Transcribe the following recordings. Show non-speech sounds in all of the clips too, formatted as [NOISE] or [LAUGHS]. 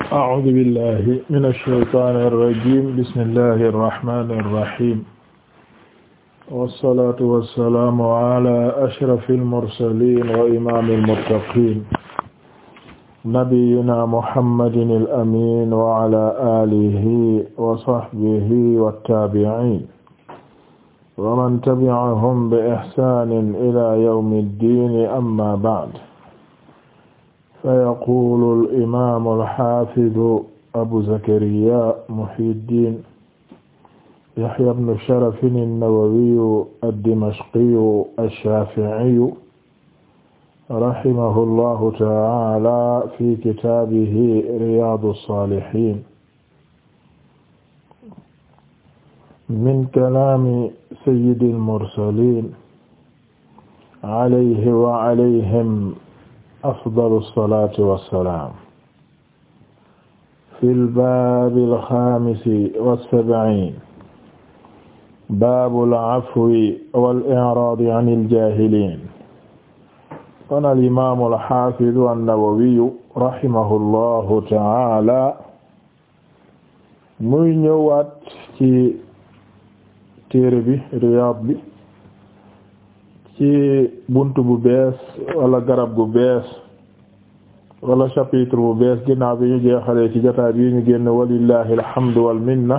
أعوذ بالله من الشيطان الرجيم بسم الله الرحمن الرحيم والصلاة والسلام على أشرف المرسلين وإمام المتقين نبينا محمد الأمين وعلى آله وصحبه والتابعين ومن تبعهم بإحسان إلى يوم الدين أما بعد sayaqulu al-imaamu al-haafidu abu zakariyaa muhyiddin yahya ibnu sharafin an-nawawiyu ad-dimashqiyu ash-shaafi'iyu rahimahu llahu ta'aala fi kitaabihi riyaadu saalihiin min kalaami sayyidi al-mursaliin alayhi wa alayhim afdalu salaati wa salaam. fil baabil xaamisi wa sab'iin. baabul afwi wal i'raadi anil jaahiliin. qaala al imaamu al xaafidu an-nawawiyu rahimahullahu ta'aala. muy ñëwaat ci téere bi Riyaad bi. ci bunt bu bees wala garab gu bees wala chapitre bu bees ginnaaw bi ñu jeexalee ci jotaay bi ñu génn walillahi alhamdu wal minna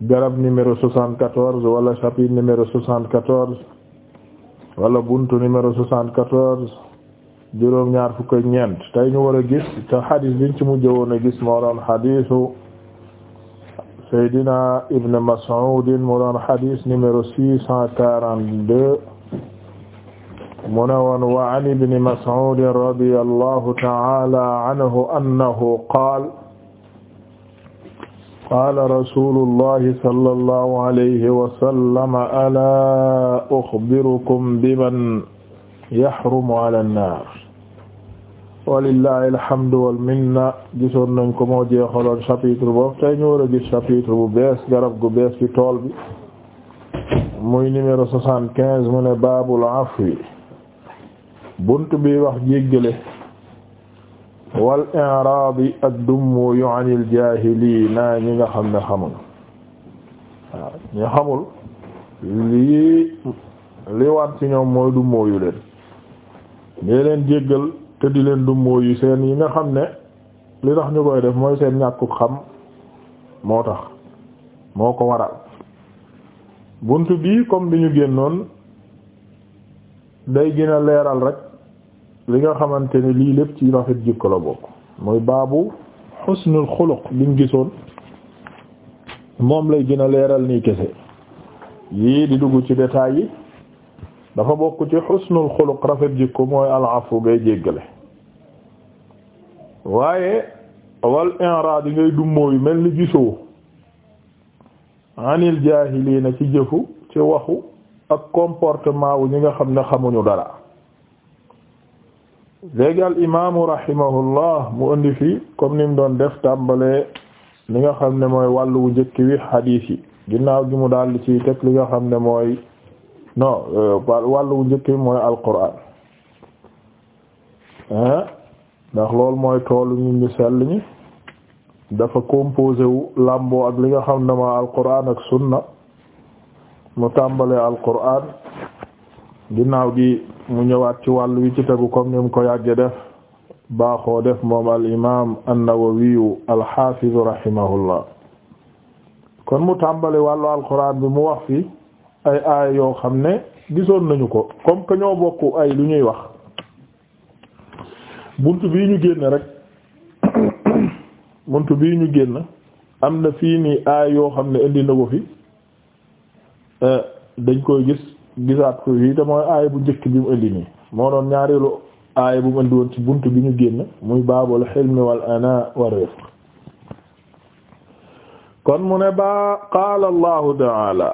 garab numéro 74 wala chapitre numéro 74 wala bunt numéro 74 juróom ñaar fukk ak ñeent tey ñu war a gis te xadis biñ ci mujj a gis moo doon xadisu Seydina Ibn Mas'ud moo doon xadis numéro 642 mu ne woon wa an ibni Mas'ud radiyallahu ta'ala anhu annahu qaala qaala rasuulullahi sallallahu alayhi wa sallam alaa uxbirukum biman yaxrumu ala nnaar walillahi alhamdu wal minna gisoon nañ ko moo jeexaloon chapitre boobu tey ñu war a gis chapitre bu bees garab gu bees ci tool bi muy numéro soixante-quinze mu ne baabul afwi bunt bi wax jéggale wal i'raadi ak dummu yu anil naa ñi nga xam ne xamul waaw ñi xamul lii li war ci ñoom mooy dummóoyu leen dee leen jéggal te di leen dummóoyu seen yi nga xam ne li tax ñu koy def mooy seen ñàkkuk xam moo tax moo ko waral bunt bii comme bi ñu génnoon day gën a leeral rek li nga xamante ne lii lépp ci rafet jikko la bokk mooy baabu xusnul xuluq liñ gisoon moom lay gën a leeral nii kese yii di dugg ci détails yi dafa bokk ci xusnul xuluq rafet jikko mooy al afu ngay jéggale waaye wal inraad yi ngay dummoo mel ni gisoo anil jaahiliina ci jëfu ci waxu ak comportement wu ñi nga xam ne xamuñu dara léegi al imaamu rahimahullah mu indi fi comme ni doon def tàmbalee li nga xam ne mooy wàllu wu njëkk wi xadiis yi ginnaaw gi mu daal di ciy teg li nga xam ne mooy non euh, wàllu wu njëkk wi mooy alquraan ndax loolu mooy toolu ñu ñu sell ñi dafa composé wu làmboo ak li nga xam ne mooy alquraan ak sunna mu tàmbalee alquraan ginnaaw gi mu ñëwaat ci wàll wi ci tegu comme ni mu ko yàgge def baaxoo def moom al imaam an-Nawawiyu alxaafidu kon mu tàmbali wàllu alxuraan bi mu wax fi ay aaya yoo xam ne gisoon nañu ko comme que ñoo bokk ay lu ñuy wax bunt bii ñu génn rek [COUGHS] buntu bii ñu génn am na fii nii aaya yoo xam ne indi na ko fi eh, dañ koy gis gisaat ko yi te mooy aaya bu njëkk bi mu indi nii moo doon ñaareelu aaya bu mu indi ci bunt bi ñu génn muy baabul hilmi wal ana war rifq kon mu ne baa qaala allahu taala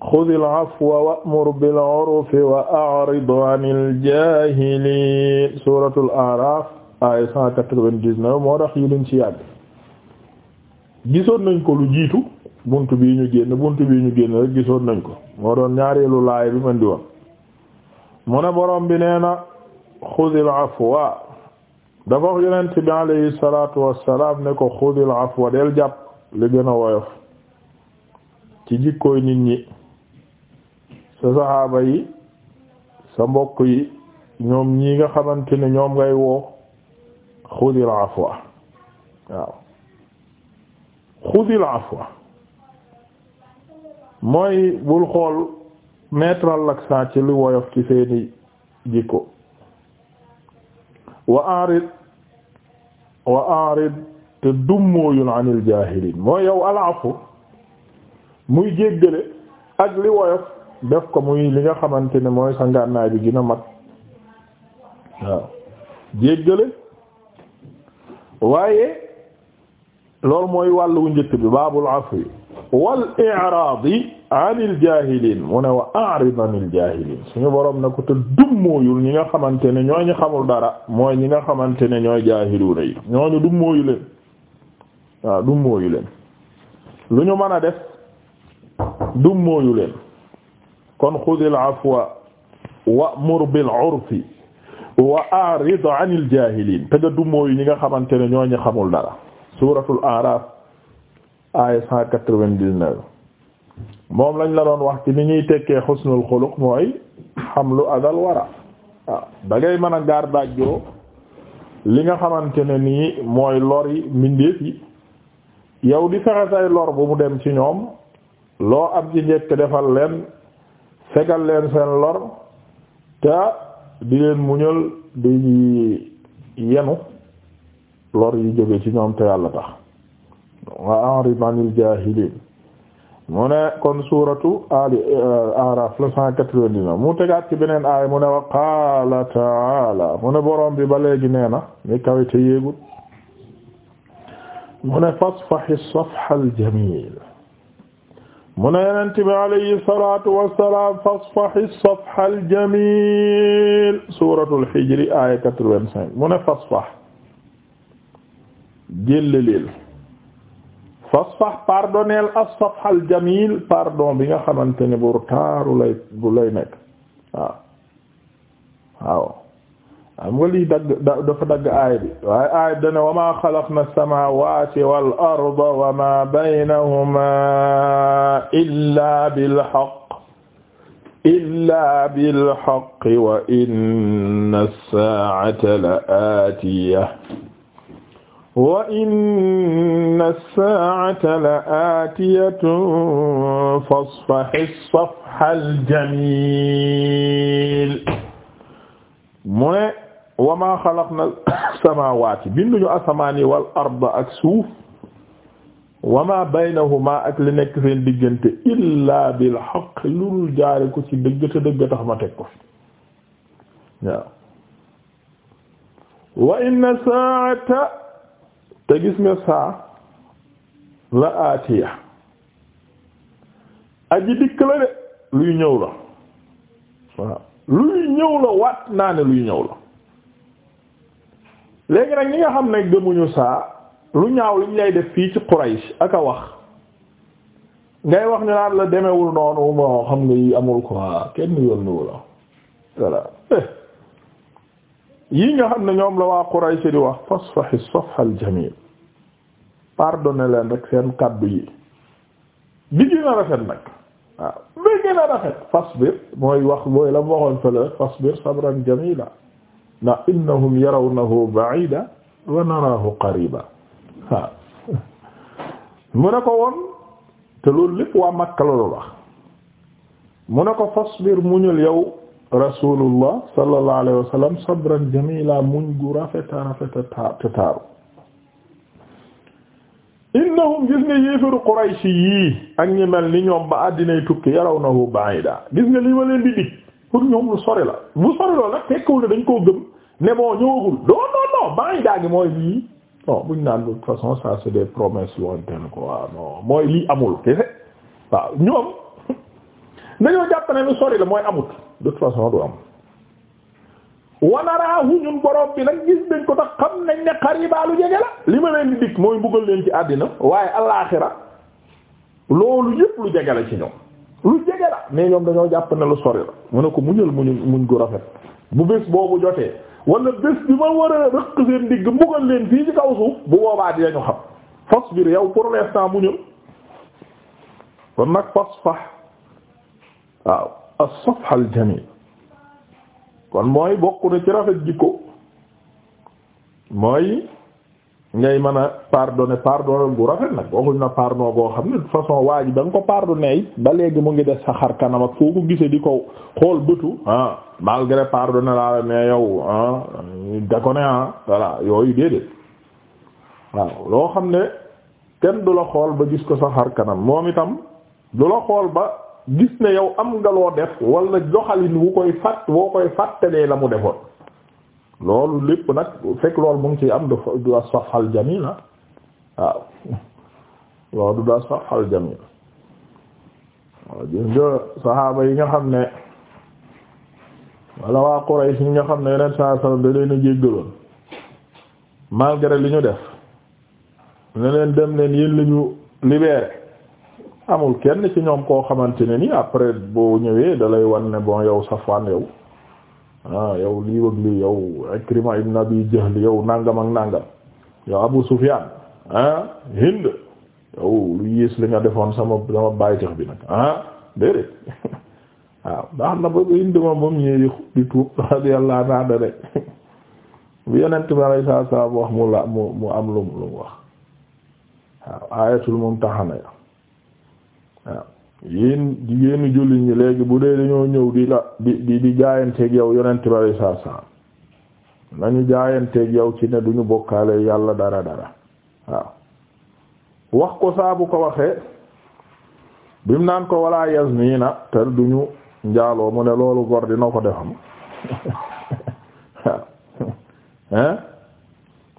xudil afwa wa'mur bil urfi wa a'rid anil jaahiliin suuratul a'raaf aaya moo tax yi luñ ci yàgg gisoon nañ ko lu jiitu buntu bii ñu génn buntu bii ñu génn rek gisoon nañ ko moo doon ñaareelu laay bi mën di wax mu ne borom bi nee na xudil afwa dafa wax yonent bi alayhi salaatu wassalaam ne ko xudil afwa del jàpp li gën a woyof ci jikkooy nit ñi sa saxaaba yi sa mbokk yi ñoom ñi nga xamante ne ñoom ngay woo xudil afwa waaw xudil afwa mooy bul xool mettre l'accent ci lu woyof ci seeni jikko wa arid wa arid te dummóoyul anil jaahiliin mooy yow alaafu muy jéggale ak li woyof def ko muy li nga xamante ne mooy sa ngànnaay bi gën a mag waaw jéggale waaye loolu mooy wàllu njëkk bi baabul afu yi wal i'raadi anil jaahiliin mu ne wa a'rid anil jaahiliin suñu borom na ko te dummóoyul ñi nga xamante ne ñoo ñu xamul dara mooy ñi nga xamante ne ñooy jaahiluuna yi ñooñu dummóoyu leen waaw dummóoyu leen lu ñu mën a def dummóoyu leen kon xudil afwa wa'mur bil 'urfi wa a'rid anil jaahiliin te nga dummóoyu ñi nga xamante ne ñoo ñu xamul dara suuratul a'raaf aaya cent quatre vingt dix moom lañ la doon wax ci ni ñuy tekkee xusnul xuluq mooy xamlu adal wara waaw ah, ngay mën a gaar dajjoo li nga xamante ne nii mooy lor yi mbindeef yi yow di fexe lor bu mu dem ci ñoom loo am ci njëkk defal leen fegal leen seen lor te di leen muñal di yenu lor yi jóge ci ñoom te yàlla tax wa a'rid euh, la cent quatre vingt mu tegaat ci beneen aaya mu wa qaala ta'aala mu borom bi ba léegi nee na mi kawe te yéegul mu ne fasfahi safha al-jamiil mu ne Yonent bi alayhi salaatu wa salaam fasfahi safha al-jamiil aaya quatre-vingt-cinq mu fasfah pardonnel asfahal jamil pardon bi nga xamante ne bu taaru lay bu lay nekk waaw waaw am nga lii dagg dafa dagg aay bi waaye aay bi dane wa ma xalaqna as-samawati wal arda wa ma baynahuma illa bil haqq illa bil haqq wa inna as-sa'ata la aatiyah wa inna saa'ata la aatiyatun fasfahi safhal jamiil mu ne wa maa xalaqna samaawaati binduñu asamaan yi wal arda ak suuf wa maa baynahumaa ak li nekk seen diggante illaa bil haqq lurul jaare ko ci dëgg te dëgg tax ma teg ko fi waaw wa inna saa'ata te gis nga saa la aatiya aji dikk la de luy ñëw la waaw luy ñëw la waat naa ne luy ñëw la léegi nag ñi nga xam ne gëmuñu saa lu ñaaw liñ lay def fii ci Quraysh ak a wax ngay wax ñu naan la demewul noonu moo xam nga yi amul quoi kenn yoon la voilà yi nga xam ne ñoom la waa Quraysh di wax fasfahi safhal jamil pardonne leen rek seen kaddu yi bi gën a rafet nag bi gën a rafet fasbir mooy wax mooy la mu waxoon fële fasbir sabran jamila na innahum yarawnahu ba'ida wa narahu qariba [LAUGHS] mu ne ko woon te loolu lépp waa Makka la loolu wax mu ne ko fasbir muñul yow rasulullah sallallahu alayhi wa sallam sabran jamila muñ gu rafeta rafeta te taaru innahum gis nga yéefaru ni ñoom ba àddinay tukki yaraw na hu ba'ida gis nga li pour ñoom lu la dañ koo gëm ne moo mooy lii buñ naan de toute façon ça c'est des amul kese waaw ñoom [LAUGHS] dañoo jàpp lu sori la mooy amut de toute façon du am wanaraahu ñun borom bi nag gis nañ ko tax xam nañ ne xaribaalu jege la li ma leen di dikk mooy buggal leen ci àddina waaye alaaxira loolu yëpp lu jege la ci ñoom lu jege la mais ñoom dañoo jàpp ne lu sori la mu ne ko muñal muñu muñ gu rafet bu bés boobu jotee wala bés bi ma war a rëq seen digg mbugal leen fii ci kaw suuf bu boobaa dinañu xam fasbir yow pour l'instant muñal kon nag fasfah waaw as-safh al-jamil kon mooy bokk na ci rafet jikko mooy ngay mën a pardonner pardon bu rafet nag waxuñ na pardon boo xam ne façon waa ji ko pardonner it ba léegi mu ngi def sa xar kanam ak foo ko gisee di ko xool bëtu ah malgré pardonner laa la mais yow ah da ne ah, yooyu déedéet waaw loo xam ne kenn du la xool ba gis ko sa xar kanam moom itam du la xool ba. gis ne yow am nga loo def wala joxalin wu koy fàtt woo koy fàttalee la mu defoon loolu lépp nag fekk loolu mu ngi ci am du asfal jamila ah. waaw loolu du asfal jamila waaw gis nga saxaaba yi nga xam ne wala waa Quraysh yi nga xam ne yeneen saa sallam da a jéggaloon malgré li ñu def ne leen dem leen yéen la ñu amul kenn ci ñoom koo xamante ne ni après boo ñëwee dalay wan ne bon yow safwaan yow ah yow lii wëg lii yow Ikrima ibn Abi Jahl yow nàngam ak nàngam yow Abu Sufyan ah Hind yow lu yées li nga defoon sama sama bàyyitax bi nag ah déedéet [LAUGHS] waaw ndax na ba Hind moom mu ñëwee di tuub [LAUGHS] radiyallahu anha [LAUGHS] dane bu yonent bi alayhi salaam wax mu la mu mu am lu mu wax waaw ayatul mumtahana ya waaw yéen jigéenu jullit ñi léegi bu dee dañoo ñëw di la di di di jaayanteeg yow yonent bari saa saa nañu jaayanteeg yow ci ne duñu bokkaale yàlla dara dara waaw wax ko saabu ko waxee bim naan ko walaa yasmina te duñu njaaloo mu ne loolu gor dina ko defam [LAUGHS] waaw hein eh?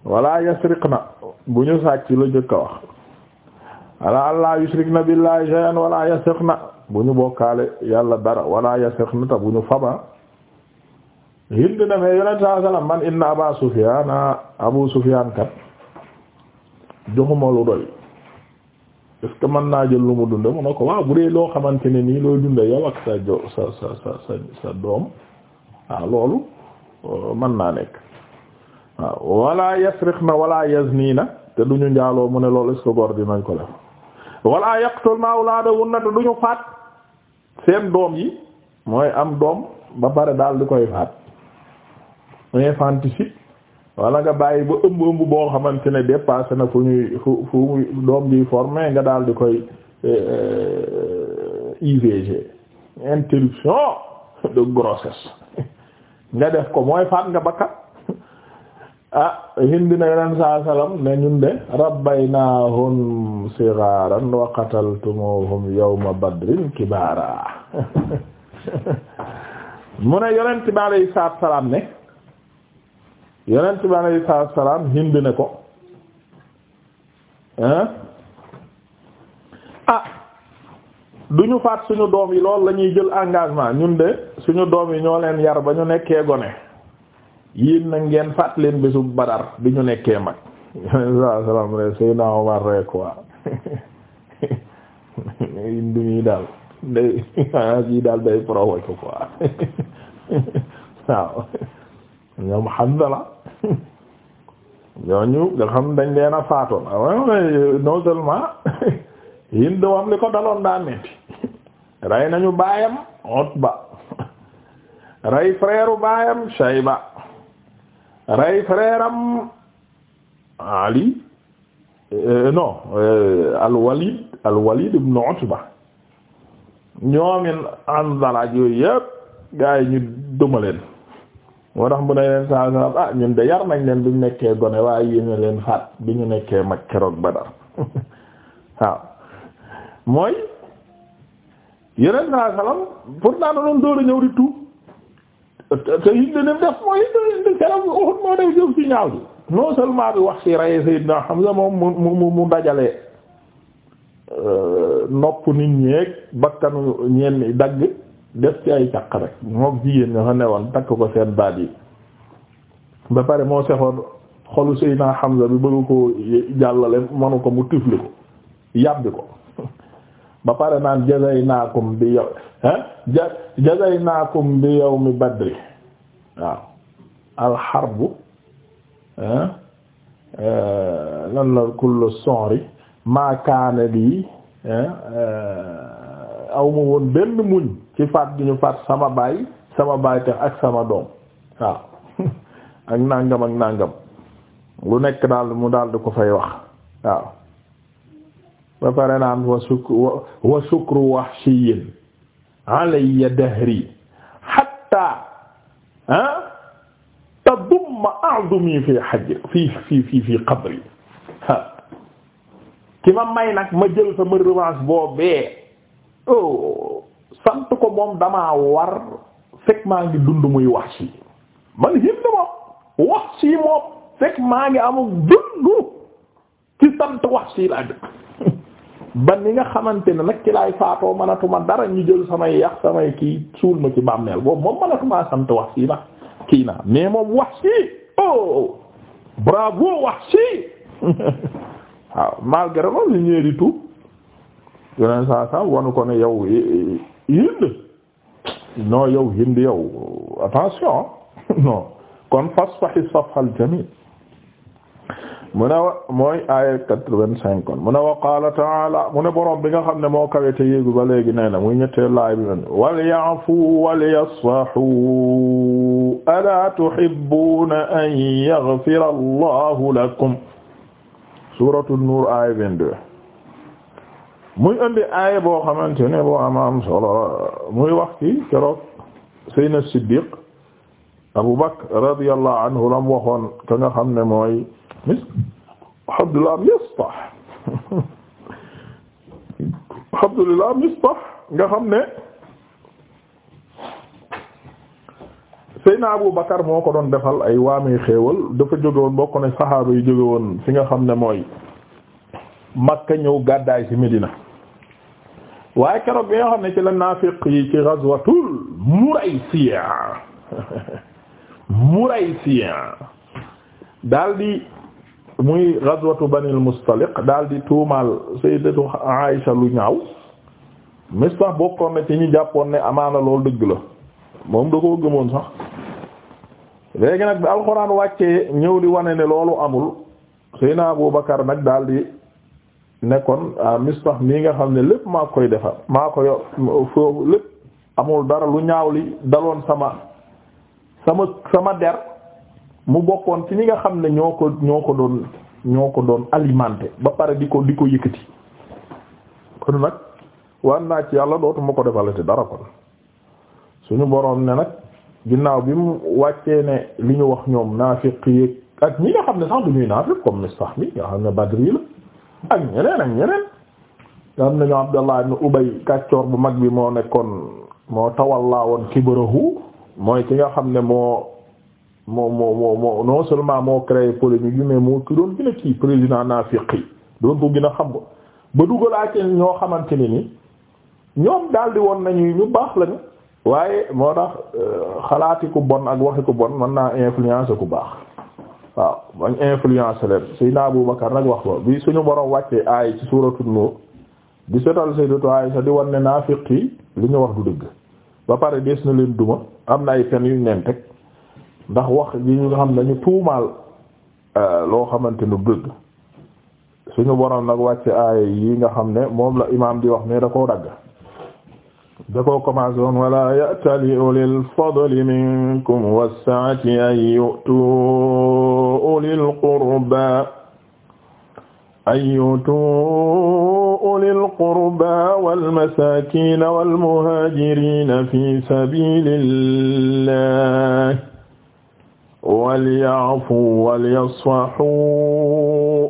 walaa yasriqna bu ñu sàcc la jëkk wax ala allah yushrikna billahi shay'an wala yasikhna bu ñu bokkaale yàlla dara wala yasikhna ta bu ñu faba hind na mais yonent saa sallam man inna aba sufyaana abu sufyaan kat lu doy est-ce mën naa jël lu mu dund mu ne ko waaw bu dee loo xamante ne nii looy dunda yow ak sa jo doom waaw loolu euh, mën naa nekk waaw wala yasriqna wala yaznina te duñu njaaloo mu ne lool est-ce que góor ko def wala yaqtulna na te duñu faat seen doom yi mooy am doom ba pare daal di koy faat infanticide wala nga bàyyi ba ëmb ëmb boo xamante ne dépassé na fu ñuy fu fu doom bi formé nga daal di koy euh, euh, IVG interruption de grossesse [LAUGHS] nga def ko mooy faat nga bakkat ah Hind na yeneen saa salaam ne ñun de rabbaynaahum sigaaran wa qataltumuhum yawma badrin kibaara [LAUGHS] mu ne yonent bi alayhi salaatu salaam ne yonent bi alayhi salaatu salaam Hind ne ko hein ah, ah du ñu faat suñu doom yi loolu lañuy jël engagement ñun de suñu doom yi ñoo leen yar ba ñu nekkee gone yéen nag ngeen fàtt leen bésu badar bi ñu nekkee mag saa salaam rek Seydina Omar rek waa du ñuy daal day yi [LAUGHS] daal day provoqué quoi [LAUGHS] waaw ñoom Hanzala nga xam dañ leen a faatoon waaw ah non seulement [LAUGHS] li ko daloon daa metti rey nañu baayam Utba rey frère baayam Shayba rey frère am ali euh, no euh, al-Walid al-Walid ibn Utba ñoomin Anzala yooyu yëpp gaa yi ñu duma leen moo tax mu ne leen saa saa ah ñun de yar nañ leen bi ñu nekkee gone waaye yéena leen faat bi ñu nekkee mag keroog Badar [LAUGHS] waaw mooy yeneen saa salam pour daana doon dóor a ñëw di te Hind ne def mooy Hind keroog Uhud moo def ci ñaaw ji non seulement bi wax ci rey Sayyidna Hamza moom mu mu mu dajale euh, nopp nit ñeeg bakkanu ñenn dagg def ci ay caq rek moom jigéen ña fa newoon takk ko seen baat yi ba pare moo sexoon xolu Sayyidna Hamza bi bëgg ko jàllale manu ko mu tifli ko yàbbi ko [LAUGHS] ba pare naan jazaynaakum bi yow ah ja jazaynaakum bi yawmi badri waaw alxarbu ah euh, lan la kullu sonri maa kaana lii euh, aw woon benn muñ ci faat gi ñu faat sama baay sama baay tax ak sama doom waaw [LAUGHS] ak nàngam ak nàngam lu nekk daal mu daal di ko fay wax waaw. ba pare naan wa shukru wa dahri hatta ah tadumma a'dumi fi hajri fi fi fi ki ma may ma jël sama revanche boobee oh sant ko moom damaa war fekk maa ngi dund muy wahshi man him na moom wahshi moom fekk maa ngi amul dund ci sant wahshi ba ni nga xamante ne nag ci laay faatoo manatuma dara ñu jël samay yàq samay kii suul ma ci bàmmeel boobu moom manatumaa sant wax sii na kii na mais moom wax sii oh bravo wax sii [LAUGHS] waaw malgré moom li ñëwee di tuub yeneen saa saa wanu ko ne yow Hind non yow Hind yow [LAUGHS] non kon fasfahi safhal jamil mu ne wa mooy aaya quatre-vingt-cinq kon mu ne wa qaala ta'aala mu ne borom bi nga xam ne moo kawe te yéegu ba léegi nee na muy ñetteel laay bi men walyafu walyasfahu alaa tuhibbuuna a yaghfira allahu lakum suuratu nuur aaya vingt-deux muy indi aaya boo xamante ne boo amaam solo muy wax ci keroog Seydina Siddiq Abu Bakr radiyallahu ka nga xam ne mooy Abdullah Mistah Abdullah Mistah nga xam ne Seyna Abu Bakar moo ko doon defal ay waamee xéewal dafa jóge woon bokk na saxaaba yu jóge woon fi nga xam ne mooy Makka ñëw gàddaay ci Medina waaye keroog bi nga xam ne ci la naafiq yi ci ghazwatul Muraysiya [LAUGHS] Muraysiya daldi muy ghazwatu Bani al-Mustaliq daal di tuumaal sayyidatu Aïsha lu ñaaw Mistah bokkoon na ci ñu jàppoon ne amaana loolu dëgg la moom da koo gëmoon sax léegi nag bi alxuraan wàcce ñëw di wane ne loolu amul Seydina Abu Bakar nag daal di nekkoon ah, Mistah mii nga xam ne lépp maa koy defar maa koy foofu lépp amul dara lu ñaaw li daloon sama sama sama der. mu bokkoon ci ñi nga xam ne ñoo ko ñoo ko doon ñoo ko doon alimenté ba pare di ko di ko yëkkati kon nag waan naa ci yàlla dootuma ko defalati dara kon suñu boroom ne nag ginnaaw bi mu wàccee ne li ñu wax ñoom naafiq yéeg ak ñi nga xam ne sax du ñuy naafiq comme Mistah mi nga xam ne Badri la ak ñeneen ak ñeneen nga xam ne ñoo Abdallah ibn Ubay kàccoor bu mag bi moo nekkoon moo tawal tawallaa woon kibarahu mooy ki nga xam ne moo moo moo moo moo non seulement moo créé polémique bi mais moo ki doon gën a kii président naafiq yi doon ko gën a xam ba dugalaatee ñoo xamante ne ni ñoom daal woon nañu ñu baax lañu waaye moo tax euh, xalaati ku bon ak waxi ku bon mën naa influence ku baax waaw bañ influence leen naa Abu Bakar nag wax lool bi suñu borom wàccee aay ci suuratu Nuur di setal Sayyidatu Aysa di wan ne naafiq yi li ñu wax du dëgg ba pare des na leen duma am na ay fen yuñ leen teg ndax wax yi ñu nga xam ne ñu tuumaal euh, loo xamante nu dëgg suñu borom nag wàcc aaya yi nga xam ne moom la di wax ne da koo dagg da koo commencé woon wala ya'tali ulil fadli minkum was-sa'ati an yu'tu ulil qurba an yu'tu ulil qurba wal masakin wal muhajirin fi sabilillah walya'fu walyasfahu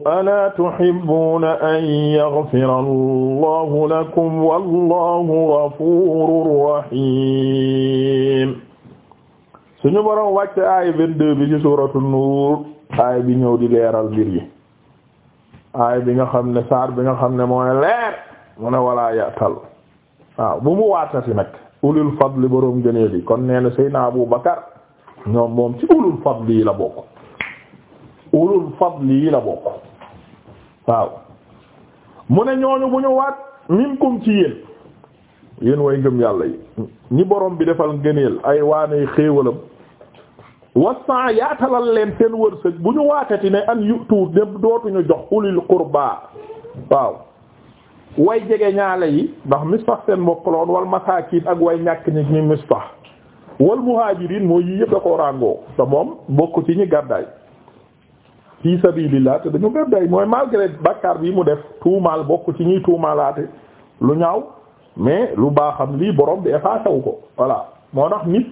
alaa tuhibbuuna an yaghfira allahu lakum wallahu ghafuurun rahiim suñu boroom wàcc aaya vingt-deux bi ci suuratu nuur aaya bi ñëw di leeral mbir yi aaya bi nga xam ne saar bi nga xam ne mooy leer mu ne walaa ya'tal waaw bu mu waatati nag ulul fadli boroom gënee di kon nee na Seydina Abu Bakar ñoom moom ci ulul fadli yi la bokk ulul fadli yi la bokk waaw mu ne ñooñu bu ñu waat minkum ci yéen yéen way ngëm yàlla yi ñi borom bi defal ngëneel ay waanay xéewalam wasan yaatalal leen seen wërsëg bu ñu waatati ne an yutu dem dootuñu jox ulil qurba waaw way jege ñaale yi ndax misfax seen mbokk la woon wal masaakiin ak way ñàkk ñi ñi misfax wal muhaajiriin moo yi yëpp da ko ràngoo te moom bokk ci ñi gàddaay fi sabilillah te dañu gàddaay mooy malgré bàkkaar bii mu def tuumaal bokk ci ñuy tuumaalaate lu ñaaw mais lu baaxam lii borom bi effacé ko voilà moo tax nit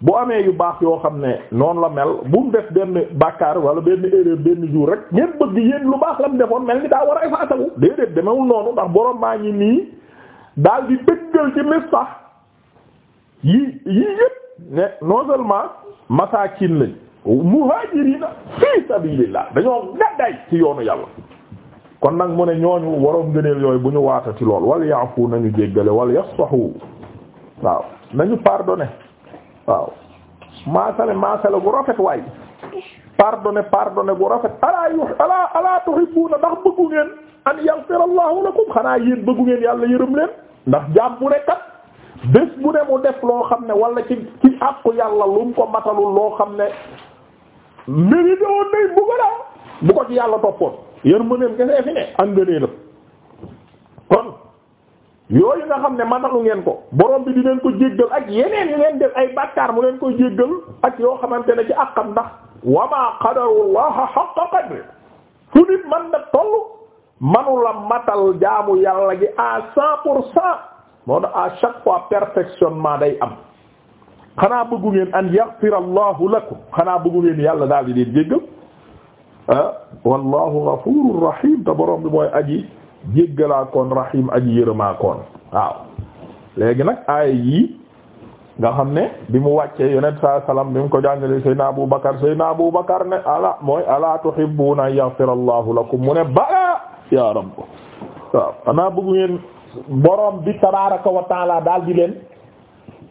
bu amee yu baax yoo xam ne noonu la mel bu mu def benn bàkkaar wala benn erreur benn jour rek ngeen bëgg yéen lu baax la mu defoon mel ni daa war a effacé wu déedéet demewul noonu ndax borom maa ngi nii daal di dëggal ci mis yii yii yëpp ne non masaakin lañ muhaajiriina fii sabilillah dañoo gàddaay ci yoonu yàlla kon nag mu ne ñooñu waroom gëneel yooyu bu ñu ci lool wal yaafu nañu jéggale wal yasfahu waaw nañu pardonné waaw maasale maasale gu rafet waay pardonné pardonné gu rafet alaa yu alaa alaa tuhibbuuna ndax bëggu ngeen an yaghfirallahu lakum xanaa yéen bëggu ngeen yàlla yërëm leen ndax jaam bu nekkat bés bu ne mu def loo xam ne wala ci ci àqu yàlla lu ko matalul loo xam ne mérité nañ bu ko bu ko ci yàlla toppoon yër mëneem gesee fi ne angënee la kon yooyu nga xam ne matalu ngeen ko borom bi di leen ko jéggal ak yeneen yu ngeen def ay bàkkaar mu leen koy jéggal ak yoo xamante ne ci àqam ndax wama qadarullaha haqqa qadri fu nit man da toll manu matal jaamu yàlla gi à cent pour cent moo tax à chaque fois perfectionnement day am xanaa bëggu ngeen an yaghfira allahu lakum xanaa bëggu ngeen yàlla daal di leen jéggal ah, wallahu ghafurur rahim te borom bi mooy aji jéggalaa koon aji yërëmaa waaw léegi nag aaya yii nga xam ne bi mu wàccee yonent saa salaam bi mu ko jàngalee Seydina Abu Bakar Seydina Abu Bakar ne ala mooy ala tuhibbuna yaghfira allahu lakum mu ne bala ya rabb waaw xanaa borom bi tabaaraka wa daal di leen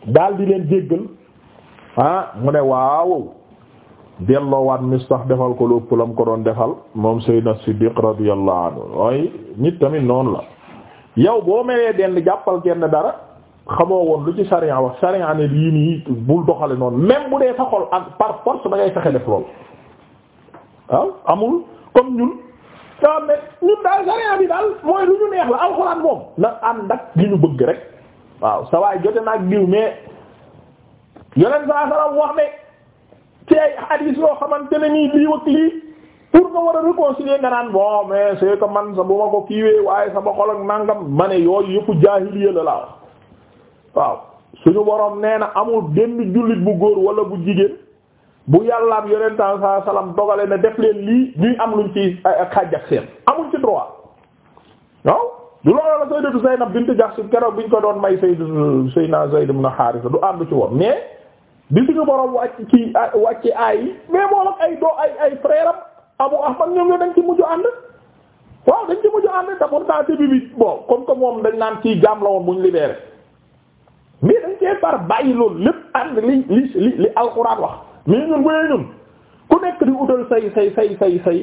daal di leen jéggal ah mu ne waaw delloowaat mistax defal ko lu ëpp la ko doon defal moom Seydina Siddiq radiyallahu anhu waaye nit tamit noonu la yow boo melee denn jàppal kenn dara xamoo woon lu ci sariya wax sariya ne lii nii bul doxale noonu même bu dee sa xol ak par force da fexe def lool waaw ah, amul comme ñun. te am ne ñun daal sariya bi daal mooy lu ñu neex la alxuraan moom na ànd ak li ñu bëgg rek waaw sa waay jote naag diw mais yoneen saa salam wax ne ci ay hadith yoo xamante na nii lii ak lii pour nga war a réconcilier nga naan bon mais c'est que man sa bu ma ko kiiwee waaye sama xol ak nangam ma ne yooyu yëpp jaahiliya la laa waaw suñu borom nee na amul benn jullit bu góor wala bu jigéen bu yàllaam yonentaan saa salaam dogale na def leen lii ñuy am luñ ci xàjj ak seen amuñ ci droit waaw du loolu la Sayyidatu Zaynab bint Jahsh keroog biñ ko doon may Sayyidatu Sayyidina Zayd ibn Haarisa du ànd ci woon mais bi suñu borom wàcc ci wàcc yi mais moo ak ay doo ay ay frère Abu Ahmad ñoom ñoo dañ ci mujj ànd waaw dañ ci mujj ànd te pourtant début bi bon comme que moom dañ naan ci jaam la woon buñ libéré mais dañ cee far bàyyi loolu lépp ànd wax. mais ñun bu ñun ku nekk di utal say say say say say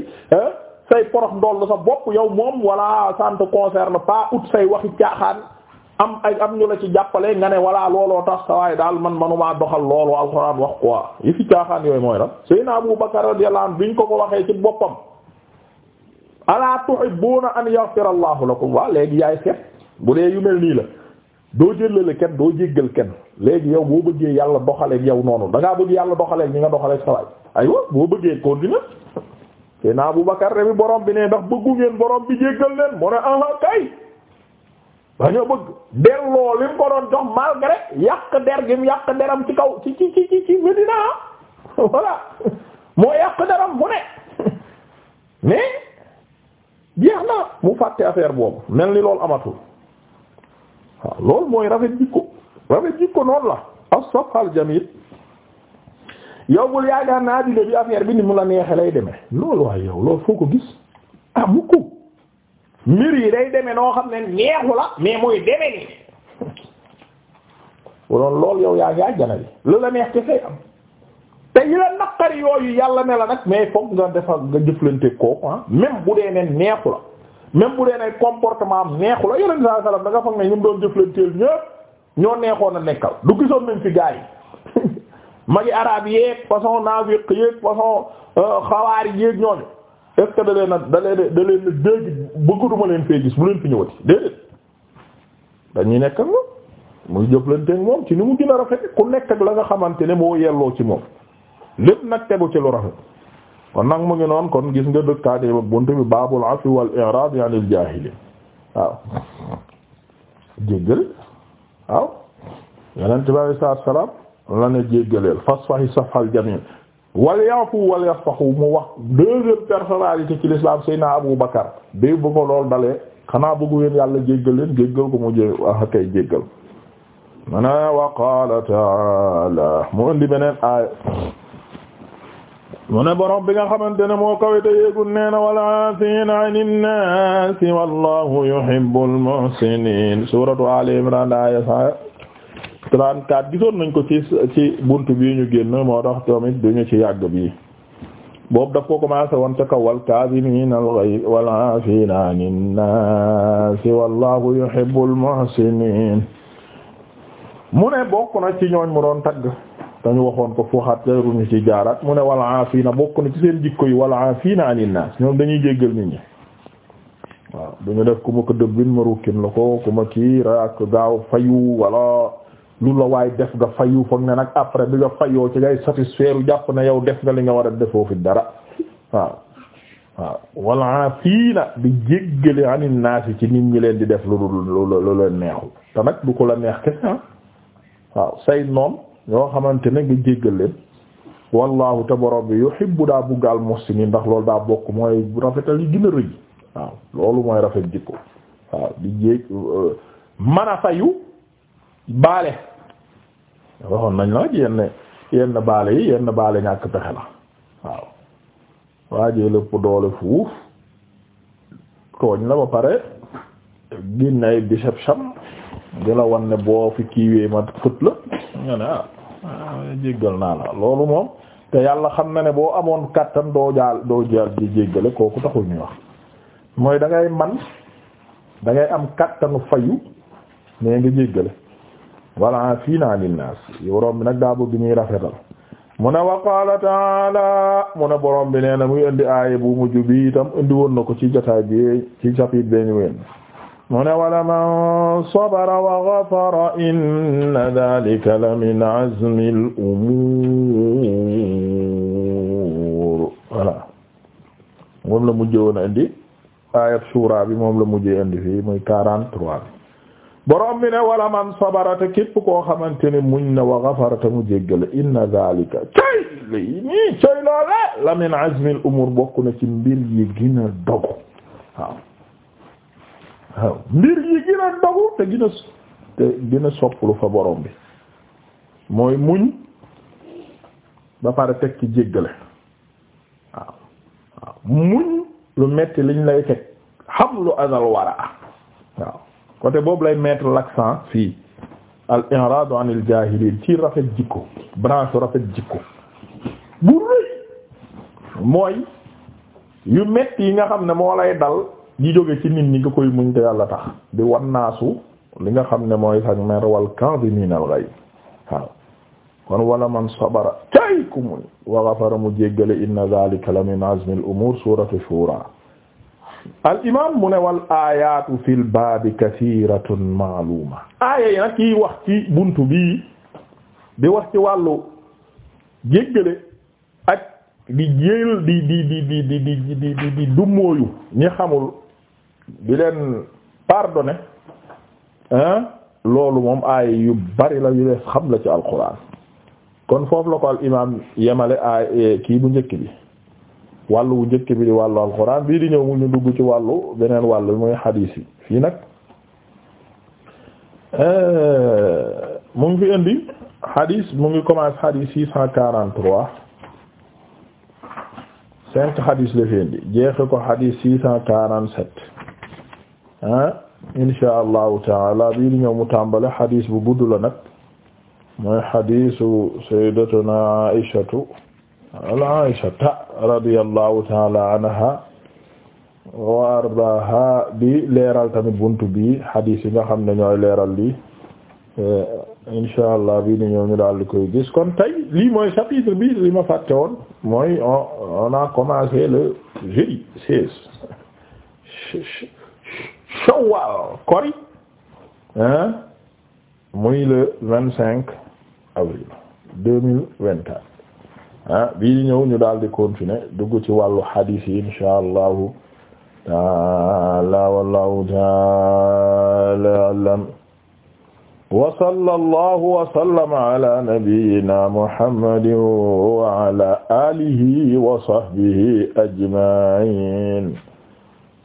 say porox ndoll sa bopp yow moom walla sant ne te concerne ut say waxi caaxaan am ay am ñu la ci jàppale nga ne walaa looloo tax sa waaye daal man manumaa doxal loolu alxuraan wax quoi yi fi caaxaan yooyu mooy lan Seydina Abu Bakar radiyallahu bi biñ ko ko waxee ci boppam ala tuhibbuna an yaghfira Allahu lakum waa léegi yaay seet bu dee yu mel nii la doo jëllale kenn doo jéggal kenn léegi yow boo bëggee yàlla doxaleeg yow noonu da ngaa bëgg yàlla doxaleeg ñi nga doxaleeg sa waay aywa boo bëggee continuer te Abu Bakar bi borom bi ne ndax bëggu ngeen borom bi jéggal leen mu ne aha kay dañoo bëgg delloo li mu ko doon jox malgré yàq der gi mu yàq deram ci kaw ci ci ci ci Medina voilà moo yàq deram mu ne [LAUGHS] mais jeex na mu fàtte affaire boobu mel ni loolu amatul. waaw loolu mooy rafet jikko rafet jikko noonu la as-safal jamil yow bul yaakaar naa addina bi affaire bi ni mu la neexee lay demee lool waaye yow loolu foo ko gis ah mukk mbir yi day deme noo xam ne neexu la mais mooy demee nii loolu loolu yow yaa ngi àjjana bi lu la neex kese am te yi la naqari yooyu yàlla ne la nag mais foog nga defal nga jëflante kooku ah même bu dee ne neexu la. même bu dee ne comportement am neexu la yeneen saa salaam da nga foog ne ñu doon jëflanteel ñëpp ñoo neexoon a nekkal du gisoon nañ fi gaa yi [LAUGHS] magi araab yeeg façon naafiq yeeg façon euh, xawaari yeeg ñooñu est ce que da leen a da leen da leen dégg bëggutuma leen fee gis bu leen fi ñëwati déedéet dañuy nekk ak moom muy jëflanteeg moom ci ni mu gën a rafet ku nekk la nga xamante ne moo yelloo ci moom lépp nag tegu ci lu rafet. kon nag mu ngi noon kon gis nga dëkkaate ba buntu bi baabul afi wal i'raad anil jaahiliin waaw jéggal waaw yeneen bi alei salatua salam jéggaleel fasfahi safhal jamil wal ya'fu wal mu wax deuxième personnalité ci l'islam Seydina Abu Bakar bi bu ko lool dalee xanaa bëggu yéen yàlla jéggal leen jéggal ko mu jé ah kay jéggal mana wa qaala ta'aala mu indi beneen aaya mu ne borom bi nga xamante ne moo kawite yéegul nee na walaafiina ani nnaasi wallahu yuhibbul muhsinin suratu ali imran aya 34 gisoon nañ ko ci ci buntu bii ñu génn moo tax tamit duñu ci yàgg bii boobu daf ko commencé woon ca kaw wal kaazimiina al ghayz wal aafiina ani nnaasi wallahu yuhibbul muhsinin mu ne bokk na ci ñooñ mu doon tagg dañu waxoon ko fuuxaat teeruñu ci jaaraat mu ne wal aafina bokk na ci seen jikko yi wal aafina anin naas ñoom dañuy jéggal nit ñi waaw duñu def ku ma ko dëbbin ma rukkin la ko ku ma kii ak gaaw fayu wala lu la waay def nga fayu nag après bi nga fayoo ci ngay satisfaire yow def nga li nga war a defoo fi dara waaw waaw jéggale anin naas ci nit ñi leen di def lu lu lu leen neexul te nag du ko la neex kese ah waaw say noon ñoo xamante ne nga jéggal leen wallahu te borom bi yuhibbu daa buggal muhsinin ndax loolu daa bokk mooy rafetal yi gën rëy waaw loolu mooy rafet jikko waaw di jéeg euh, man baale waxoon nañ la yenn yenn baale yi yenn baale ñàkk pexe la waaw waajee lépp doole fuuf tooñ la ba pare génn ay bishab sham di boo fi kiiwee ma fët la nga ne ah, ah jéggal naa la loolu moom te yàlla xam na ne boo amoon kàttan doo jaal doo jaal di jéggale kooku taxul ñuy wax mooy da man dangay am kàttanu fayu nee nga jéggale walla fii naa linnaas borom bi nag daa bëgg muy rafetal mu ne wa qaala taala mu ne borom bi nee na muy indi aaya bu mujj bi itam indi na ko ci jotaay bi ci chapitre bi wenn mu ne wala man sabara wa ghafara inna dhalika la min azmi al-umur voilà moom la mujjee woon a indi ayat suura bi moom la mujjee indi fii muy 43 borom bi wala man sabara te képp koo xamante ne muñ na wa ghafara te mu jéggale inna la min azmi al-umur bokk na ci mbir yi gën a waaw mbir yi gën a dogu te gën a te gën fa borom bi mooy muñ ba pare teg ci jéggale waaw waaw muñ lu metti liñ lay teg xam lu azal wara waaw côté boobu lay mettre l'accent fii al i'radu anil jaahiliin ci rafet jikko branche rafet jikko bu rëy mooy yu metti yi nga xam ne moo lay dal di jóge ci nit ñi koy muñ te yàlla tax di wan li nga xam ne mooy sax mer wal kaazimiina al ghayz waaw kon wala man sabara cay ku muñ wa ghafara mu jéggale inna zaalika la min azmi al umuur suuratu shuuraa al imaam mu ne wal aayaatu fil baabi kasiiratun ma'luuma aaya yi nag kii buntu bii di wax wàllu jéggale ak di jéel di xamul di leen pardonner loolu moom aay yu bari la yu def xam la ci alquran kon foofu la ko al imaam yemale ay kii bu njëkk bi wàllu bu njëkk bi di wàllu alquran bii di ñëw mu ñu dugg ci wàllu beneen wàllu mooy xadiis yi fii nag euh, mu ngi fi indi xadiis mu ngi commencé xadiis six cent quarante-trois cinq xadiis la fi indi jeexe ko xadiis six cent quarante-sept insha allahu taala bii di ñëw mu tàmbale xadis bu gudd la nag mooy xadisu sayyidatuna aishatu ala aishata radiyallahu taala anha wa ardaha bi leeral tamit buntu bi xadis yi nga xam ne ñooy leeral lii eh, insha allah bii di ñëw ñu daal di koy gis kon tey lii mooy chapitre bi li ma fàtte woon mooy on a commencé le jeudi seize shawwal [LAUGHS] kori hein muy le vingt cinq avril deux mille vingt quatre ah bii di ñëw ñu daal di continuer dugg ci wàllu hadith yi insha allahu taala wallahu taala alam wa sallallahu wa sallama ala nabiyyina muhammadin wa ala alihi wa sahbihi ajma'in